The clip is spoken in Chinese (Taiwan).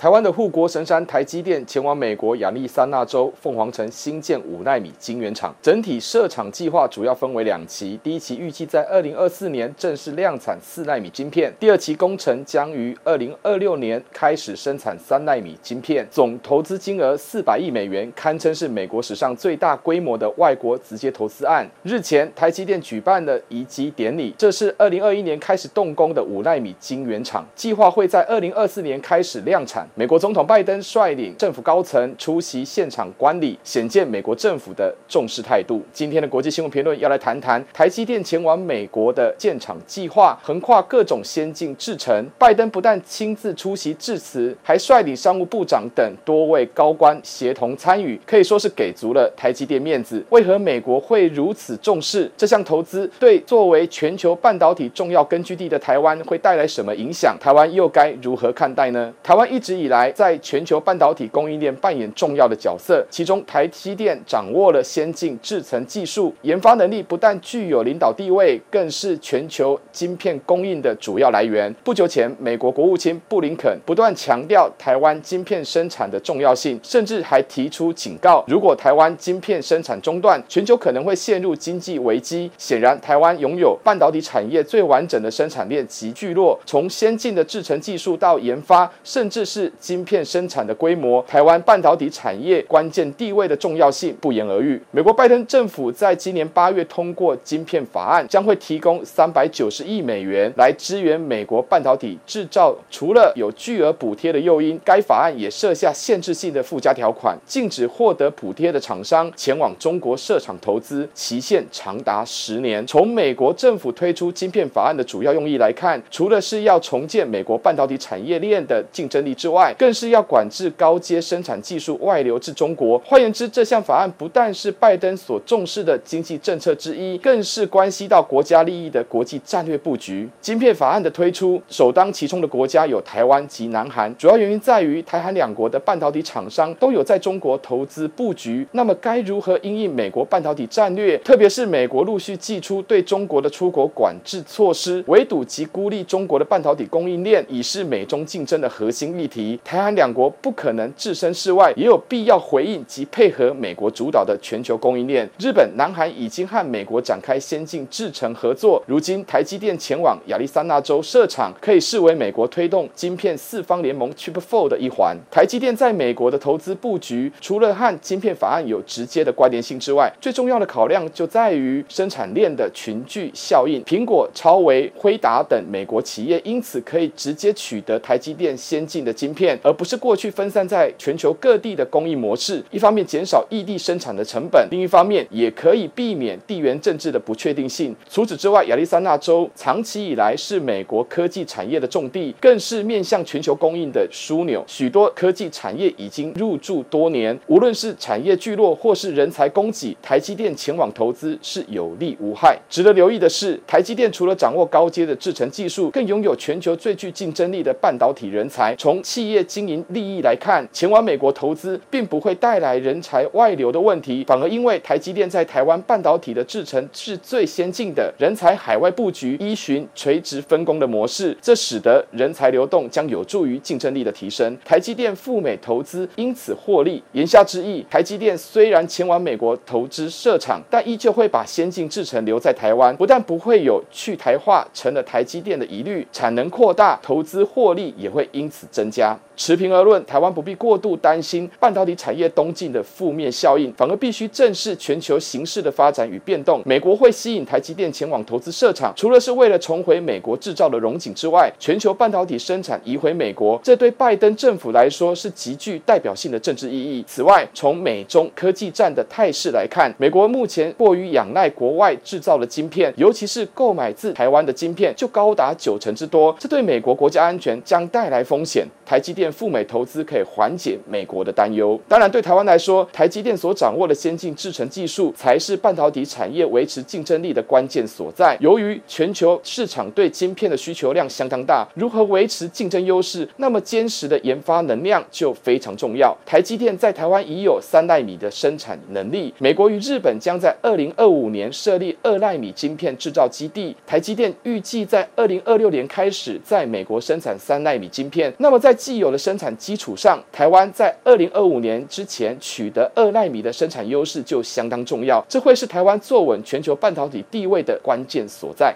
台灣的護國神山台積電前往美國亞利桑那州鳳凰城新建五奈米晶圓廠，整體設廠計劃主要分為兩期，第一期預計在二零二四年正式量產四奈米晶片，第二期工程將於二零二六年開始生產三奈米晶片，總投資金額四百億美元，堪稱是美國史上最大規模的外國直接投資案。日前，台積電舉辦了移機典禮，這是二零二一年開始動工的五奈米晶圓廠，計劃會在二零二四年開始量產。美國總統拜登率領政府高層出席現場觀禮，顯見美國政府的重視態度。今天的國際新聞評論要來談談台積電前往美國的建廠計劃，橫跨各種先進製程。拜登不但親自出席致辭，還率領商務部長等多位高官偕同參與，可以說是給足了台積電面子。為何美國會如此重視這項投資？對作為全球半導體重要根據地的台灣，會帶來什麼影響？台灣又該如何看待呢？台灣一直以來，在全球半導體供應鏈扮演重要的角色。其中，台積電掌握了先進製程技術，研發能力不但具有領導地位，更是全球晶片供應的主要來源。不久前，美國國務卿布林肯不斷強調台灣晶片生產的重要性，甚至還提出警告：如果台灣晶片生產中斷，全球可能會陷入經濟危機。顯然，台灣擁有半導體產業最完整的生產鏈及聚落，從先進的制程技術到研發，甚至是晶片生產的規模，台灣半導體產業關鍵地位的重要性不言而喻。美國拜登政府在今年八月通過晶片法案，將會提供三百九十億美元來支援美國半導體製造。除了有巨額補貼的誘因，該法案也設下限制性的附加條款，禁止獲得補貼的廠商前往中國設廠投資，期限長達十年。從美國政府推出晶片法案的主要用意來看，除了是要重建美國半導體產業鏈的競爭力之外，更是要管制高階生產技術外流至中國。換言之，這項法案不但是拜登所重視的經濟政策之一，更是關係到國家利益的國際戰略布局。晶片法案的推出，首當其衝的國家有台灣及南韓，主要原因在於台韓兩國的半導體廠商都有在中國投資布局。那麼，該如何因應美國半導體戰略？特別是美國陸續祭出對中國的出口管制措施，圍堵及孤立中國的半導體供應鏈，已是美中競爭的核心議題。台韓兩國不可能置身事外，也有必要回應及配合美國主導的全球供應鏈。日本、南韓已經和美國展開先進製程合作，如今台積電前往亞利桑那州設廠，可以視為美國推動晶片四方聯盟 （Chip Four） 的一環。台積電在美國的投資布局，除了和晶片法案有直接的關聯性之外，最重要的考量就在於生產鏈的群聚效應。蘋果、超微、輝達等美國企業因此可以直接取得台積電先進的片，而不是過去分散在全球各地的供應模式。一方面減少異地生產的成本，另一方面也可以避免地緣政治的不確定性。除此之外，亞利桑那州長期以來是美國科技產業的重地，更是面向全球供應的樞紐。許多科技產業已經入駐多年，無論是產業聚落或是人才供給，台積電前往投資是有利無害。值得留意的是，台積電除了掌握高階的製程技術，更擁有全球最具競爭力的半導體人才。從企業經營利益來看，前往美國投資並不會帶來人才外流的問題，反而因為台積電在台灣半導體的制程是最先進的，人才海外布局依循垂直分工的模式，這使得人才流動將有助於競爭力的提升。台積電赴美投資因此獲利。言下之意，台積電雖然前往美國投資設廠，但依舊會把先進製程留在台灣，不但不會有去台化成了台積電的疑慮，產能擴大、投資獲利也會因此增加。持平而論，台灣不必過度擔心半導體產業東進的負面效應，反而必須正視全球形勢的發展與變動。美國會吸引台積電前往投資設廠，除了是為了重回美國製造的榮景之外，全球半導體生產移回美國，這對拜登政府來說是極具代表性的政治意義。此外，從美中科技戰的態勢來看，美國目前過於仰賴國外制造的晶片，尤其是購買自台灣的晶片就高達九成之多，這對美國國家安全將帶來風險。台。台積電赴美投資可以緩解美國的擔憂。當然，對台灣來說，台積電所掌握的先進製程技術才是半導體產業維持競爭力的關鍵所在。由於全球市場對晶片的需求量相當大，如何維持競爭優勢，那麼堅實的研發能量就非常重要。台積電在台灣已有三奈米的生產能力。美國與日本將在二零二五年設立二奈米晶片制造基地。台積電預計在二零二六年開始在美國生產三奈米晶片。那麼在，既有了生產基礎上，台灣在二零二五年之前取得二奈米的生產優勢就相當重要，這會是台灣坐穩全球半導體地位的關鍵所在。